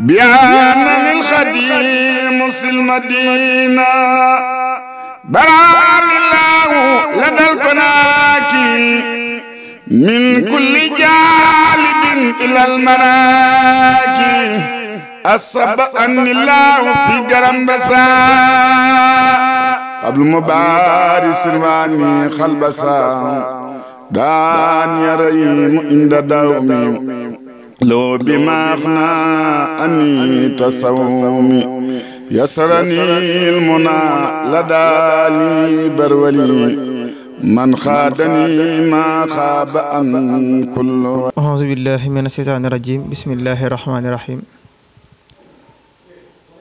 بيانا الخديم في المدينة برعان الله لدى الكناكي من كل جالب إلى المراكي أصب أن الله في قرم بسا قبل مبارس الواني خلبسا دان يا ريم عند دومي لو بما أغنى أني تصومي يسرني المنى لدى لي برولي من خادني ما خاب أن كل أعوذ بالله من الشيطان الرجيم بسم الله الرحمن الرحيم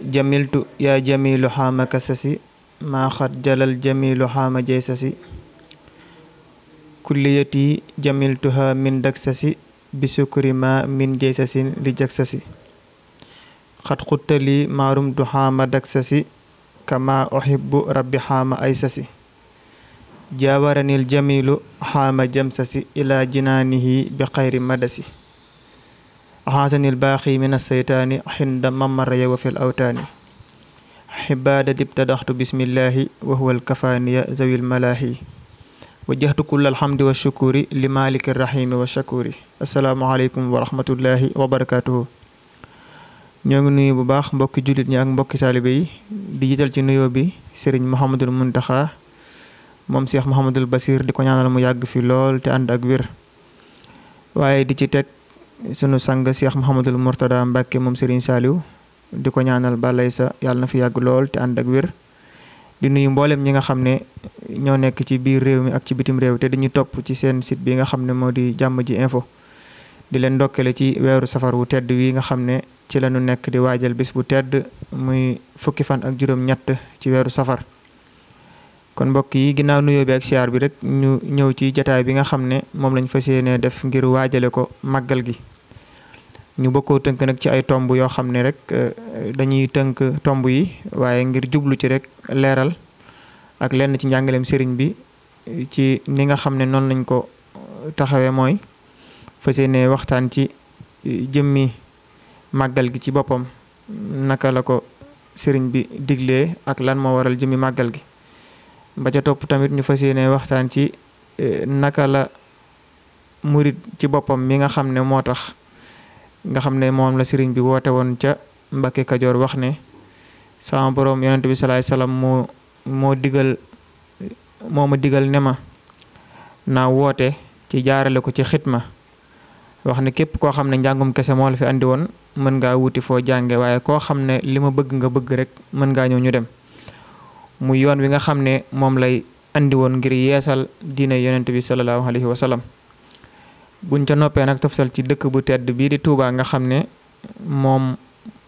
جملت يا جميل حام كسسي ما خجل الجميل حام جيسسي كليتي جملتها من دكسسي bi ma min jey li jag sasi xat xuttali maarum du kama uhibbu rabbi xaama ay sasi jaawaranil jamilu xaama jam sasi jinaanihi bi xayri madasi xaasanil baaxi min aseytaani xinda mamaraya wa fil awtaani xibaada dib tadaxtu bismillahi wa zawil malaahi wajjahtu kullal hamdi wa shukuri li maliki rahimi wa shakuri asalaamaaleykum wa rahmatullahi wa barakaatuhu ñoo ngi nuyu bu baax mbokki jullit ñi ak mbokki taalibe yi di jiital ci nuyoo bi sëriñ Mouhamadul Muntaxa moom Cheikh Mouhamadul Basir di ko ñaanal mu yàgg fi lool te ànd ak wér di ci teg sunu sang Cheikh Mouhamadul Mourtada Mbacke moom sëriñ Saliou di ko ñaanal balay sa yàlla na fi yàgg lool te ànd ak wér di nuyu mboolem ñi nga xam ne ñoo nekk ci biir réew mi ak ci bitim réew te dañuy topp ci seen site bi nga xam ne moo di jàmm ji info di leen ndokkale ci weeru safar wu tedd wi nga xam ne ci lañu nekk di waajal bés bu tedd muy fukki fan ak juróom-ñett ci weeru safar kon mbokk yi ginnaaw nuyoo bi ak siyaar bi rek ñu ñëw ci jataay bi nga xam ne moom lañu fas yéenee def ngir waajale ko màggal gi ñu bokkoo tënk nag ci ay tomb yoo xam ne rek euh, dañuy tënk tomb yi waaye ngir jublu ci rek leeral ak lenn ci njàngaleem sëriñ bi ci ni nga xam ne noonu lañ ko euh, taxawee mooy fas yéene waxtaan ci euh, jëmmi màggal gi ci boppam naka la ko sëriñ bi digle ak lan moo waral jëmmi màggal gi ba topp tamit ñu fas yéene waxtaan ci naka la murit ci boppam mi nga xam ne moo tax nga xam ne moom la sëriñ bi woote woon ca Mbàkke Kajoor wax ne sama boroom yonent bi salaay salaam moo moo digal moo ma digal ne ma naa woote ci jaarale ko ci xit ma wax ne képp koo xam ne njàngum kese moo la fi andi woon mën ngaa wuti foo jànge waaye koo xam ne li ma bëgg nga bëgg rek mën ngaa ñëw ñu dem mu yoon wi nga xam ne moom lay andi woon ngir yeesal diine yonent bi salallaahu alayhi wa sallam buñ ca noppee nag toftal ci dëkk bu tedd bii di Touba nga xam ne moom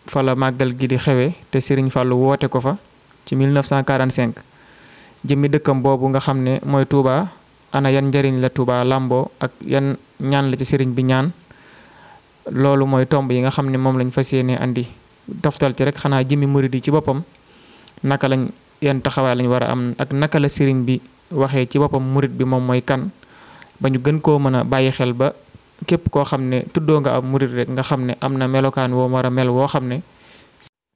fa la màggal gi di xewe te Serigne Fallou woote ko fa ci 1945 jëmmi dëkkam boobu nga xam ne mooy Touba ana yan njëriñ la Touba làmboo ak yan ñaan la ci Serigne bi ñaan loolu mooy tomb yi nga xam ne moom lañ fas yéene andi toftal ci rek xanaa jimmi murid yi ci boppam naka lañ yan taxawaay lañ war a am ak naka la Serigne bi waxee ci boppam murid bi moom mooy kan. ba ñu gën koo mën a bàyyi xel ba képp koo xam ne tuddoo nga ab murit rek nga xam ne am na melokaan woo war a mel woo xam ne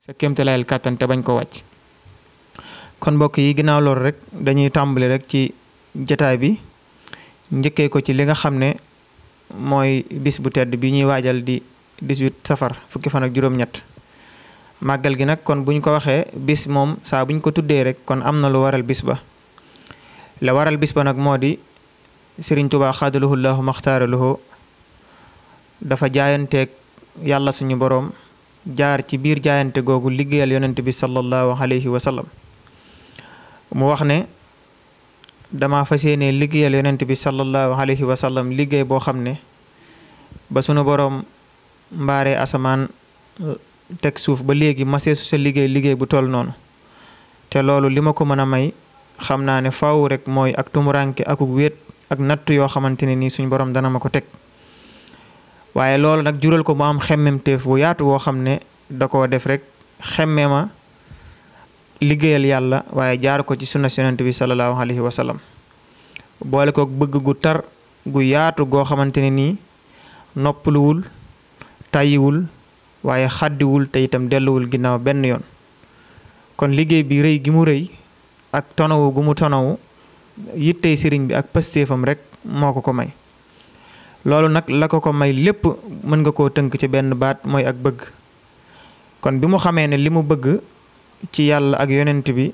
sa kéemtalaayal kàttan te bañ ko wàcc. kon mbokk yi ginnaaw loolu rek dañuy tàmbali rek ci jataay bi njëkkee ko ci li nga xam ne mooy bis bu tedd bi ñuy waajal di 18 safar fukki fan ak juróom-ñett. màggal gi nag kon buñ ko waxee bis moom saa buñ ko tuddee rek kon am na lu waral bis ba la waral bis ba nag moo di. sëriñ tubaa xaadaluhu laahu maxtaaraluhu dafa jaayanteek yàlla suñu boroom jaar ci biir jaayante googu liggéeyal yonent bi sallallahu alayhi wa sallam mu wax ne dama fa yéene liggéeyal yonent bi sallallahu alayhi wa sallam liggéey boo xam ne ba suñu boroom mbaaree asamaan teg suuf ba léegi maseesu sa liggéey liggéey bu toll noonu te loolu li ma ko mën a may xam naa ne faaw rek mooy ak tumuraanke akuk wéet ak natt yoo xamante ne nii suñu borom dana ma ko teg waaye loolu nag jural ko mu am xemmemteef bu yaatu woo xam ne da koo def rek xemme ma liggéeyal yàlla waaye jaar ko ci sunna yonent bi salallaahu alayhi wa boole ko bëgg gu tar gu yaatu goo xamante ne nii noppaluwul tàyyiwul waaye xàddiwul te itam delluwul ginnaaw benn yoon kon liggéey bi rëy gi mu rëy ak tonawu gu mu tonawu yittey sëriñ bi ak pastéefam rek moo ko ko may loolu nag la ko ko may lépp mën nga koo tënk ci benn baat mooy ak bëgg kon bi mu xamee ne li mu bëgg ci yàlla ak yonent bi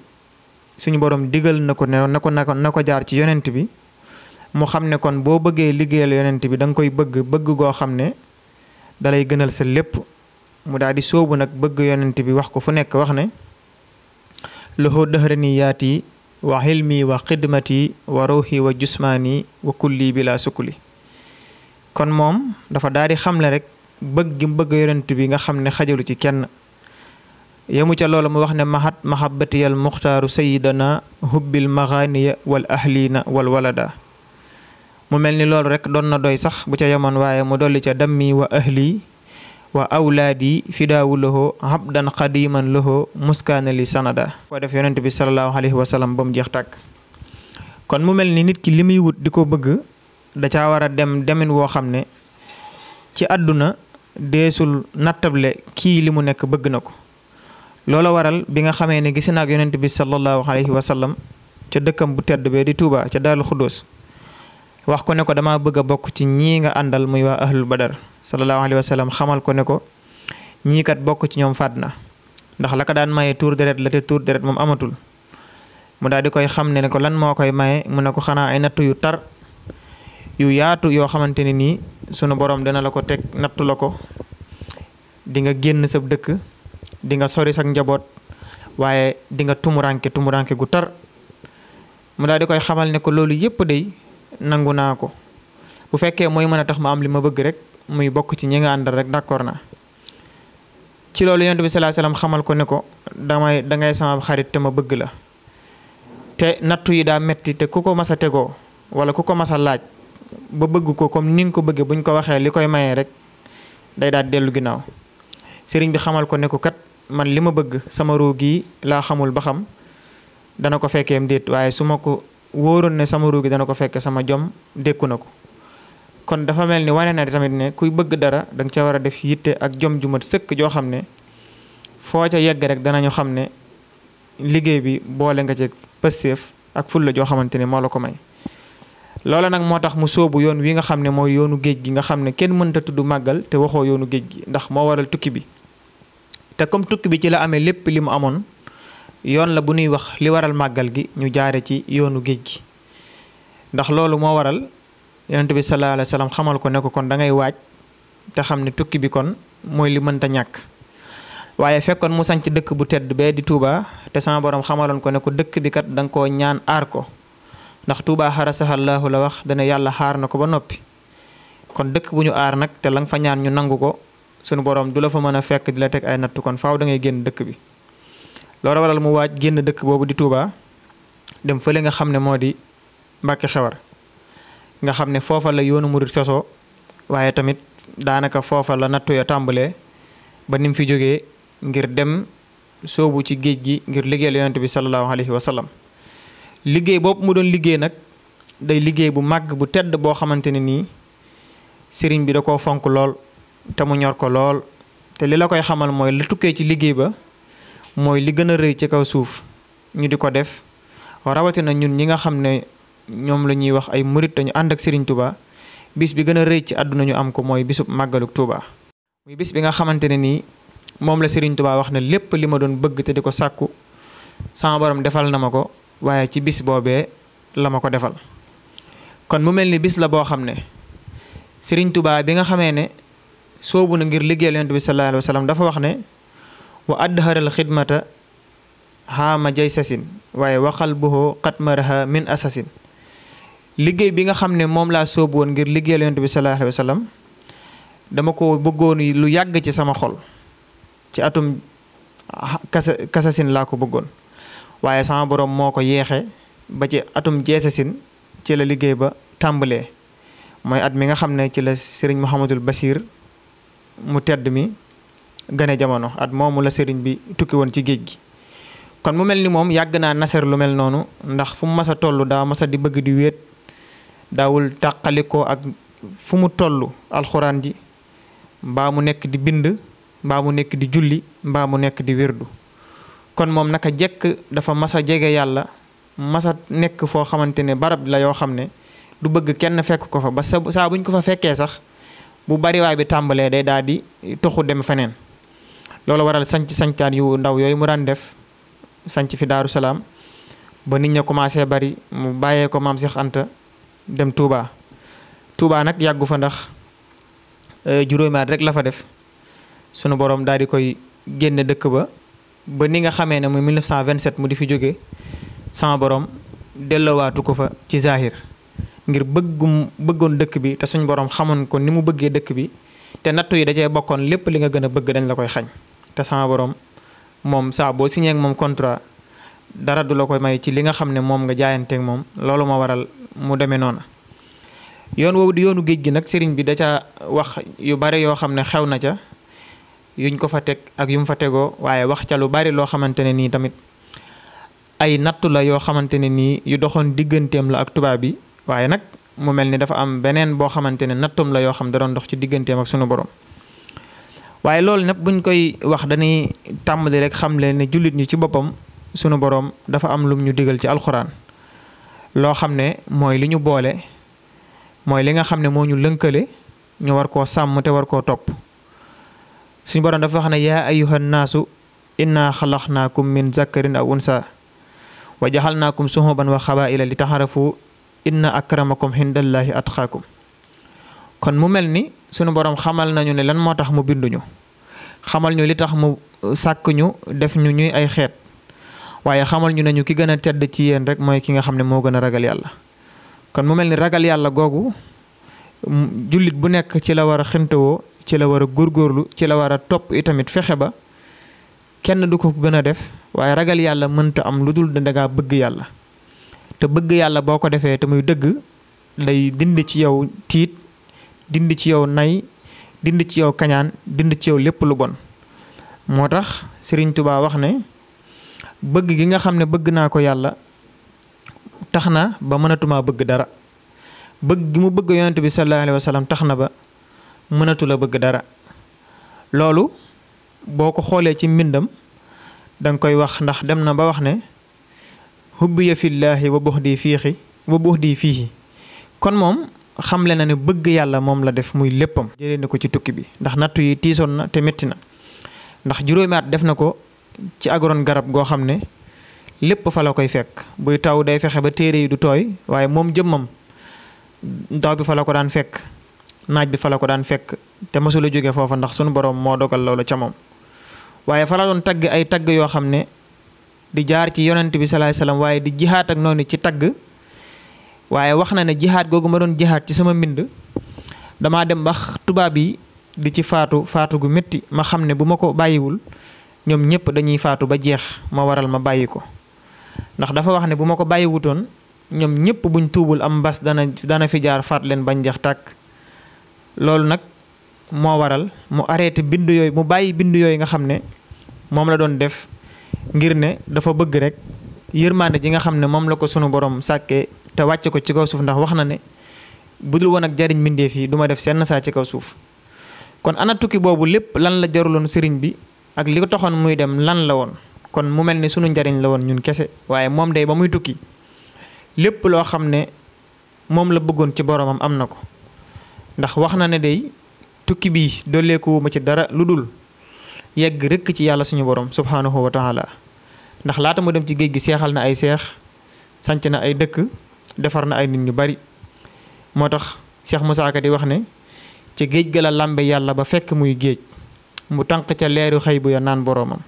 suñu borom digal na ko ne na ko na ko jaar ci yonent bi mu xam ne kon boo bëggee liggéeyal yonent bi danga koy bëgg bëgg goo xam ne dalay gënal sa lépp mu daal di sóobu nag bëgg yonent bi wax ko fu nekk wax ne loxoo dëxëra yaat yi wa xilmi wa xidmati wa ruuxi wa jusmaani wa kulli bila sukkuli kon moom dafa daal di xamle rek bëgg bëgg yonent bi nga xam ne xajalu ci kenn yemu ca loolu mu wax ne mahat mahabatiyal muxtaaru sayidana hubbil maxaaniya wal na wal walada mu mel ni loolu rek doon na doy sax bu ca yemoon waaye mu dolli ca dammi wa ahli wa awlaadi fidaawu lahu habdan xadiman lahu muskaana li sanada ko def yonent bi salallaahu alayhi wa sallam ba mu jeex tàkk kon mu mel ni nit ki li muy wut di ko bëgg da caa war a dem demin woo xam ne ci àdduna deesul nattable kii li mu nekk bëgg na ko loola waral bi nga xamee ne gis naag yonent bi salallaahu alayhi wa sallam ca dëkkam bu tedd bee di Touba ca Daarul Xuddoos wax ko ne ko dama bëgg a bokk ci ñii nga àndal muy waa ahlul badar sallallahu alayhi wa sallam xamal ko ne ko ñii kat bokk ci ñoom faat na ndax la ko daan maye tuur deret la te tuur deret moom amatul mu daal di koy xam ne ne ko lan moo koy maye mu ne ko xanaa ay yu tar yu yaatu yoo xamante ne nii sunu borom dina la ko teg nattu la ko di nga génn sa dëkk di nga sori sa njaboot waaye di nga tumuranke tumuranke gu tar mu daal di koy xamal ne ko loolu yépp day nangu naa ko bu fekkee mooy mën a tax ma am li ma bëgg rek muy bokk ci ñi nga àndal rek d'accord naa ci loolu yonent bi sallallahu alayhi xamal ko ne ko damay dangay sama xarit te ma bëgg la te nattu yi daa metti te ku ko mas a tegoo wala ku ko mas a laaj ba bëgg ko comme ni ko bëggee buñ ko waxee li koy mayee rek day daal dellu ginnaaw sëriñ bi xamal ko ne ko kat man li ma bëgg sama ruu gi laa xamul ba xam dana ko fekkeem déet waaye su ma ko wóoroon ne sama ruugi dana ko fekke sama jom dékku na ko kon dafa mel ni wane na tamit ne kuy bëgg dara danga nga ca war a def yitte ak jom jumat mat sëkk joo xam ne foo ca yegg rek danañu xam ne liggéey bi boole nga ceeg pëstéef ak fulla joo xamante ne moo la ko may loola nag moo tax mu soobu yoon wi nga xam ne mooy yoonu géej gi nga xam ne kenn mënta tudd màggal te waxoo yoonu géej gi ndax moo waral tukki bi te comme tukki bi ci la amee lépp li mu amoon yoon la bu nuy wax li waral màggal gi ñu jaare ci yoonu géej gi ndax loolu moo waral yonent bi sallallahu alayhi xamal ko ne ko kon da ngay waaj te xam ne tukki bi kon mooy li mënta ñàkk waaye fekkoon mu sanc dëkk bu tedd bee di Touba te sama borom xamaloon ko ne ko dëkk bi kat danga ko ñaan aar ko ndax Touba xarasahallahu la wax dana yàlla xaar na ko ba noppi kon dëkk bu ñu aar nag te la nga fa ñaan ñu nangu ko sunu borom du la fa mën a fekk di la teg ay nattu kon faaw da ngay génn dëkk bi loolu waral mu waaj génn dëkk boobu di Touba dem fële nga xam ne moo di Mbàkke Xewar nga xam ne foofal la yoonu murit sosoo waaye tamit daanaka foofa la nattu ya tàmbalee ba ni mu fi jógee ngir dem soobu ci géej gi ngir liggéeyal yonent bi sallallahu alayhi wa liggéey boobu mu doon liggéey nag day liggéey bu màgg bu tedd boo xamante ne nii sëriñ bi da koo fonk lool te mu ñor ko lool te li la koy xamal mooy la tukkee ci liggéey ba mooy li gën a rëy ci kaw suuf ñu di ko def rawatina ñun ñi nga xam ne ñoom la ñuy wax ay murit dañu ànd ak Serigne Touba bis bi gën a rëy ci àdduna ñu am ko mooy bisub màggaluk Touba. muy bis bi nga xamante ne nii moom la sëriñ Touba wax ne lépp li ma doon bëgg te di ko sàkku sama borom defal na ma ko waaye ci bis boobee la ma ko defal kon mu mel ni bis la boo xam ne sëriñ Touba bi nga xamee ne soobu na ngir liggéey Yonent bi sallallahu alayhi wa dafa wax ne. wa adharal xidmata xaama jay sasin waaye waxal buhoo xatmaraha min asasin liggéey bi nga xam ne moom laa sooboon ngir liggéeyal yonent bi sallallahu alayhi dama ko bëggoon lu yàgg ci sama xol ci atum kasa kasasin laa ko bëggoon waaye sama boroom moo ko yeexe ba ci atum jeesasin ci la liggéey ba tàmbalee mooy at mi nga xam ne ci la sëriñ Mouhamadul Bachir mu tedd mi gane jamono at moomu la sëriñ bi tukki woon ci géej gi kon mu mel ni moom yàgg naa naseer lu mel noonu ndax fu mu mas a toll daa mas a di bëgg di wéet daawul tàqalikoo ak fu mu tollu alxuraan ji mbaa mu nekk di bind mbaa mu nekk di julli mbaa mu nekk di wirdu kon moom naka jekk dafa mas a jege yàlla mas nekk foo xamante ne barab la yoo xam ne du bëgg kenn fekk ko fa ba saa buñ ko fa fekkee sax bu bariwaay bi tàmbalee day daal di toxu dem feneen loolu waral sanc santaan yu ndaw yooyu mu daan def sanc fi daaru salaam ba nit ña commencé bari mu bàyyee ko maam Cheikh Anta dem Touba Touba nag yàggu fa ndax euh, juróomi at rek la fa def sunu borom daal di koy génne dëkk ba ba ni nga xamee ne muy 1927 mu di fi jóge sama borom delloowaatu ko fa ci zahir ngir bëggum bëggoon dëkk bi te suñu boroom xamoon ko ni mu bëggee dëkk bi te nattu yi da bokkoon lépp li nga gën a bëgg dañ la koy xañ te sama borom moom saa boo signé moom contrat dara du la koy may ci li nga xam ne moom nga jaayanteeg moom loolu ma waral mu demee noonu. yoon woowu di yoonu géej gi nag sëriñ bi da ca wax yu bari yoo xam ne xew na ca yuñ ko fa teg ak yu mu fa tegoo waaye wax ca lu bari loo xamante ne nii tamit ay nattu la yoo xamante ne nii yu doxoon digganteem la ak tubaab bi waaye nag mu mel ni dafa am beneen boo xamante ne nattum la yoo xam da doon dox ci digganteem ak sunu borom. waaye loolu nag buñ koy wax dañuy tàmbali rek xam leen ne jullit ñi ci boppam suñu boroom dafa am lum ñu digal ci alxuraan loo xam ne mooy li ñu boole mooy li nga xam ne moo ñu lënkale ñu war koo sàmm te war koo topp suñu boroom dafa wax ne yaa ayyuhan naasu inna xalaqnaakum min zakarin aw unsa wa jaxalnaakum suhuban wa xabaa'ila li taxarafu inna akramakum at atqaakum kon mu mel ni sunu borom xamal nañu ne lan moo tax mu binduñu xamal ñu li tax mu sàkk ñu def ñu ñuy ay xeet waaye xamal ñu nañu ki gën a tedd ci yéen rek mooy ki nga xam ne moo gën a ragal yàlla kon mu mel ni ragal yàlla googu jullit bu nekk ci la war a xintawoo ci la war a góorgóorlu ci la war a topp itamit fexe ba kenn du ko gën a def waaye ragal yàlla mënta am lu dul dangaa bëgg yàlla te bëgg yàlla boo ko defee te muy dëgg lay dind ci yow tiit dindi ci yow nay dind ci yow kañaan dind ci yow lépp lu bon moo tax Sëriñ Tuubaa wax ne bëgg gi nga xam ne bëgg naa ko yàlla tax na ba mënatumaa bëgg dara bëgg gi mu bëgg yonent bi sallallahu tax na ba mënatula bëgg dara loolu boo ko xoolee ci mbindam danga koy wax ndax dem na ba wax ne hubbiya fillaahi wa buxdi fiixi wa buxdi fiixi kon moom xamle na ne bëgg yàlla moom la def muy léppam. jëlee na ko ci tukki bi ndax nattu yi tiisoon na te métti na ndax juróomi at def na ko ci agron garab goo xam ne lépp fa la koy fekk buy taw day fexe ba téere yi du tooy waaye moom jëmmam ndaw bi fa la ko daan fekk naaj bi fa la ko daan fekk te a jóge foofa ndax sunu borom moo dogal loola ca moom. waaye fa la doon tagg ay tagg yoo xam ne di jaar ci yonent bi salaay salaam waaye di jihaat ak noonu ci tagg. waaye wax na ne jihaad googu ma doon jihaad ci sama mbind damaa dem mbax tubaab yi di ci faatu faatu gu metti ma xam ne bu ma ko bàyyiwul ñoom ñëpp dañuy faatu ba jeex ma waral ma bàyyi ko ndax dafa wax ne bu ma ko bàyyiwutoon ñoom ñëpp buñ tuubul am mbas dana dana fi jaar faat leen bañ jeex tàkk loolu nag moo waral mu arrêté bind yooyu mu bàyyi bind yooyu nga xam ne moom la doon def ngir ne dafa bëgg rek yërmande ji nga xam ne moom la ko sunu borom sàkkee wàcce ko ci kaw suuf ndax wax na ne bu budul woon ak jariñ mbindeef yi du ma def senn saa ci kaw suuf kon ana tukki boobu lépp lan la jaruloon sëriñ bi ak li ko taxoon muy dem lan la woon kon mu mel ni sunu njariñ la woon ñun kese waaye moom day ba muy tukki lépp loo xam ne moom la bëggoon ci boromam am na ko ndax wax na ne day tukki bii dolleekuwuma ci dara lu dul yegg rëkk ci yàlla suñu borom subhaanahu wa taala ndax laata mu dem ci géej gi seexal na ay seex sanc na ay dëkk defar na ay nit ñu bari moo tax Cheikh Moussa Ka di wax ne ca géej ga la làmbe yàlla ba fekk muy géej mu tànq ca leeru xëy ya naan boroomam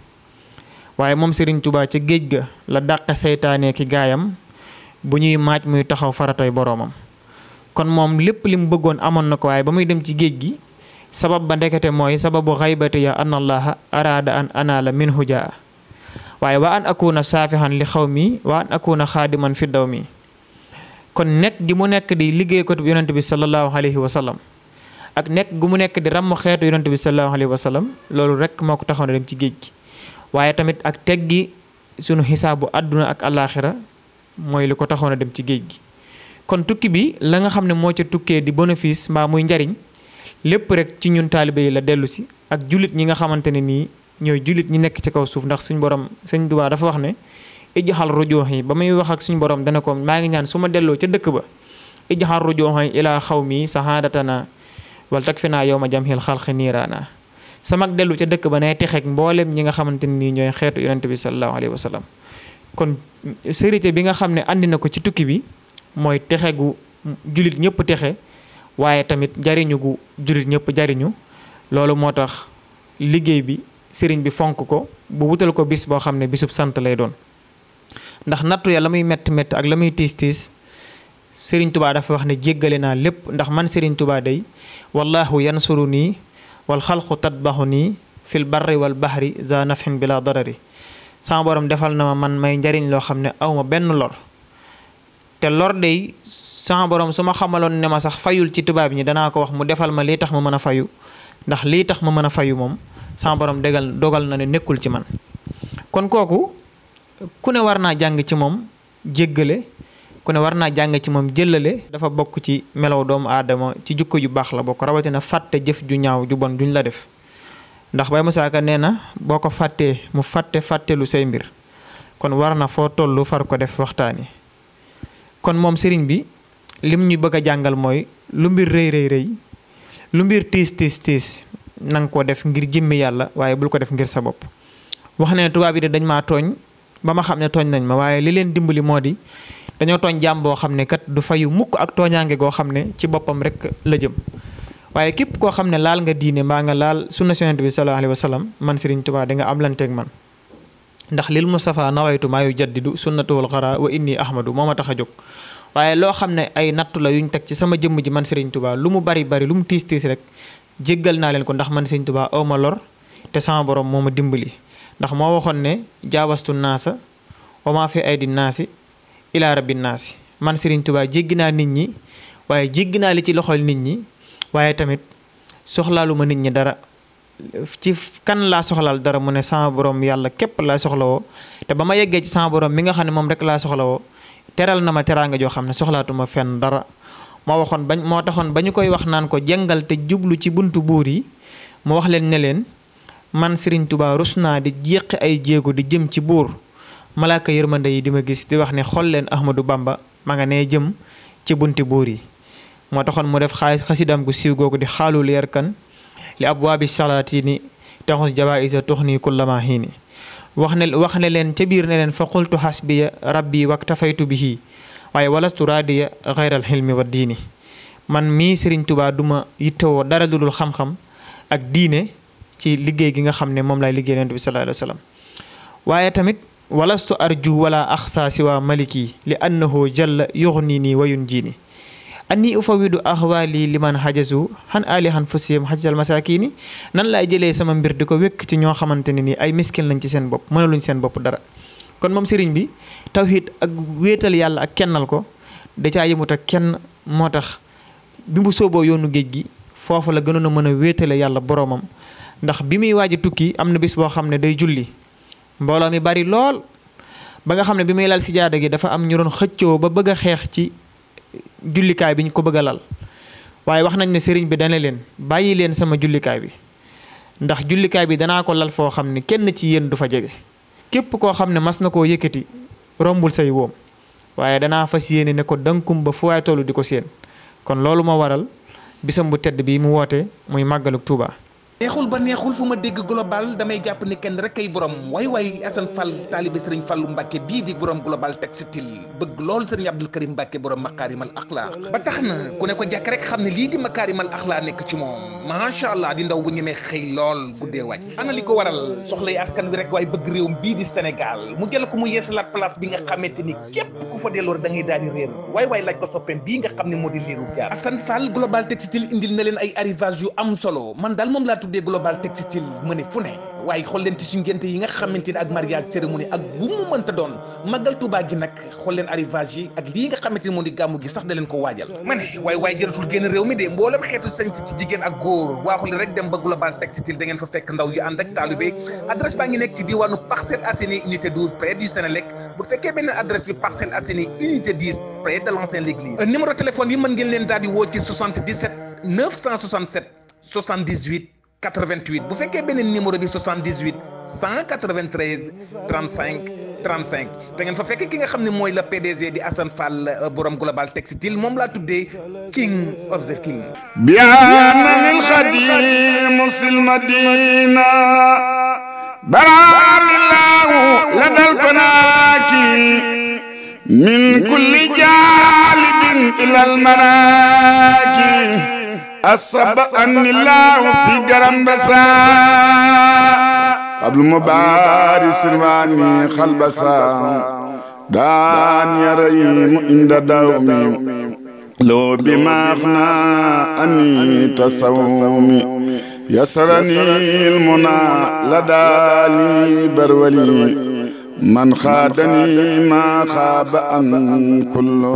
waaye moom sëriñ tubaa ca géej ga la dàqe seytaane ki gaayam bu ñuy maaj muy taxaw faratay boroomam kon moom lépp li mu bëggoon amoon na ko waaye ba muy dem ci géej gi sabab ba ndekete mooy sababu xaybati ya an allaha araada an anaala min hujaa waaye wa an akuna saafihan li xaw mi wa an akuna xaadiman fi daw mi kon nekk gi mu nekk di liggéey ko yonent bi sallallahu alayhi wa sallam ak nekk gu mu nekk di ràmm xeetu yonent bi sallallahu alayhi wa sallam loolu rek moo ko taxoon dem ci géej gi waaye tamit ak teggi sunu xisaabu àdduna ak àllaaxira mooy li ko taxoon a dem ci géej gi kon tukki bi la nga xam ne moo ca tukkee di bénéfice mbaa muy njariñ lépp rek ci ñun taalibe yi la dellu si ak jullit ñi nga xamante ne nii ñooy jullit ñi nekk ci kaw suuf ndax suñu borom sëñ Tuubaa dafa wax ne ijxal rujuuxi ba muy wax ak suñu borom dana ko maa ngi ñaan su ma delloo ca dëkk ba ijxal rujuuxi ilaa xawmi saxaadatana wal takfi naa yow ma jamhil xal niiraana sama dellu ca dëkk ba nay texeeg mbooleem ñi nga xamante nii ñooy xeetu yonente bi sallallahu alayhi wa sallam kon sérité bi nga xam ne andi na ko ci tukki bi mooy texe gu jullit ñëpp texe waaye tamit jariñu gu jullit ñëpp jariñu loolu moo tax liggéey bi sëriñ bi fonk ko bu wutal ko bis boo xam ne bisub sant lay doon ndax nattu ya la muy métti métti ak la muy tiis tiis sëriñ Touba dafa wax ne jéggale naa lépp ndax man Serigne Touba day wallahu yansuru nii wal xalqu tatbaxu nii fil barri wal bahri za nafin bila darari sama borom defal na ma man may njariñ loo xam ne awma benn lor te lor day sama borom su ma xamaloon ne ma sax fayul ci tubaab yi danaa ko wax mu defal ma lii tax ma mën a fayu ndax lii tax ma mën a fayu moom sama borom dogal na ne nekkul ci man ku ne war naa jàng ci moom jéggale ku ne war naa jàng ci moom jëlale dafa bokk ci melow doomu aadama ci jukko ju baax la bokk rawatina fàtte jëf ju ñaaw ju bon juñ la def ndax Baye Moussa Ka nee na boo ko fàttee mu fàtte fàttelu say mbir kon war na foo tollu far ko def waxtaani kon moom sëriñ bi lim ñu bëgg a jàngal mooy lu mbir rëy rëy rëy lu mbir tiis tiis tiis nanga ko def ngir jëmmi yàlla waaye bul ko def ngir sa bopp wax ne tubaab yi de dañ maa ba ma xam ne tooñ nañ ma waaye li leen dimbali moo di dañoo tooñ jaam boo xam ne kat du fayu mukk ak tooñaange goo xam ne ci boppam rek la jëm waaye képp koo xam ne laal nga diine mbaa nga laal sunna yonent bi sallallahu alayhi wa sallam man Serigne tubaa da nga am lanteek man ndax lil Mustafa nawaytu maa yu jaddidu sunnatuhul xara wa inni ahmadu moo ma tax a jóg waaye loo xam ne ay nattu la yuñ teg ci sama jëmm ji man Serigne tubaa lu mu bari bari lu mu tiis tiis rek jéggal naa leen ko ndax man Serigne Touba aw ma lor te sama borom moo dimbali ndax moo waxoon ne jaawastu naasa wama fi aydi naasi ila rabbi naasi man Serigne Touba jéggi naa nit ñi waaye jéggi naa li ci loxol nit ñi waaye tamit soxlaalu ma nit ñi dara ci kan laa soxlaal dara mu ne sama borom yàlla képp laa soxla woo te ba ma yeggee ci sama borom mi nga xam ne moom rek laa soxla woo teral na ma teraanga joo xam ne soxlaatuma fenn dara moo waxoon bañ moo taxoon ba ñu koy wax naan ko jàngal te jublu ci buntu buur yi mu wax leen ne leen man sëriñ Touba rus naa di yéqi ay jéego di jëm ci buur malaaka yërmande yi di ma gis di wax ne xool leen Ahmadou Bamba ma nga nee jëm ci bunt buur yi moo taxoon mu def xaalis xasidaam gu siiw googu di xaalul yarkan li ab waabi salaatini taxus jabaa isa tuxni kullama wax ne wax ne leen ca biir ne leen fa qultu xasbiya rabbi bi bihi waaye walastu raadiya xayral xilmi wa diini man mii Serigne Touba duma yittewoo dara lu dul xam-xam ak diine ci liggéey gi nga xam ne moom laay liggéey yonent bi sallallahu alayhi wa waaye tamit walastu arju wala axsa siwa maliki li annahu jalla yuxnini wa yunjini anni ufawidu axwaali liman hajasu xan aali xan fusiyam xajal ni nan laay jëlee sama mbir di ko wékk ci ñoo xamante ne ni ay miskin lañ ci seen bopp mënaluñ seen bopp dara kon moom sëriñ bi tawhid ak wéetal yàlla ak kennal ko da caa yëmut ak kenn moo tax bi mu sooboo yoonu géej gi foofu la gënoon a mën a wéetale yàlla boroomam ndax bi muy waaj a tukki am na bis boo xam ne day julli mbooloo mi bari lool ba nga xam ne bi muy lal si jaada gi dafa am ñu doon xëccoo ba bëgg a xeex ci jullikaay bi ñu ko bëgg a lal waaye wax nañ ne sëriñ bi dana leen bàyyi leen sama jullikaay bi ndax jullikaay bi danaa ko lal foo xam ne kenn ci yéen du fa jege képp koo xam ne mas na koo yëkkati rombul say woom waaye danaa fas yéene ne ko dankum ba fu waay tollu di ko séen kon loolu moo waral bisam bu tedd bi mu woote muy màggalu Tuuba neexul ba neexul fu ma dégg global damay jàpp ni kenn rek ay borom waay waay Assane Fall taalibe Serigne Fallu Mbacke bii di borom global textile bëgg lool Serigne Abdou Karim Mbacke borom makaarimal axlaaq ba tax na ku ne ko jàkk rek xam ne lii di makaarimal axlaaq nekk ci moom macha allah di ndaw bu ñemee xëy lool guddee wàcc ana li ko waral soxlay askan wi rek waaye bëgg réewum bii di Sénégal mu jël ko mu yeesalaat place bi nga xamante ni képp ku fa da ngay daal di réer waay waay laaj nga xam ne moo di liiru jaar Assane Fall global textile indil na leen ay yu am solo man daal moom tuddee global textile mu ne fu ne waaye xool leen tissu ngénte yi nga xamante ak mariage cérémonie ak bu mënta doon màggal Tuubaa gi nag xool leen arrivage yi ak lii nga xamante moo di gàmmu gi sax da leen ko waajal ma ne waaye waaye jëratul génn réew mi de mboolem xeetu sañsi ci jigéen ak góor waaxuli rek dem ba global textile da fa fekk ndaw yu ànd ak taalube adresse baa ngi nekk ci diwaanu Parcelles Assainies unité 12 près du Sénélec bu fekkee 88 bu fekkee beneen numéro bi 78 193 35 35 da ngeen fa fekk ki nga xam ne mooy la PDG di Assane Fall euh, borom global textile moom laa tuddee king of the king. biyaana min xadim musil madina baraamillahu ladal konaaki min kulli jaalibin ilal manaaki أصب أن الله في قرم بسا قبل مبارس رواني خلبسا دان يريم عند دومي لو بما أغنى أني تصومي يسرني المنى لدى لي برولي من خادني ما خاب أن كل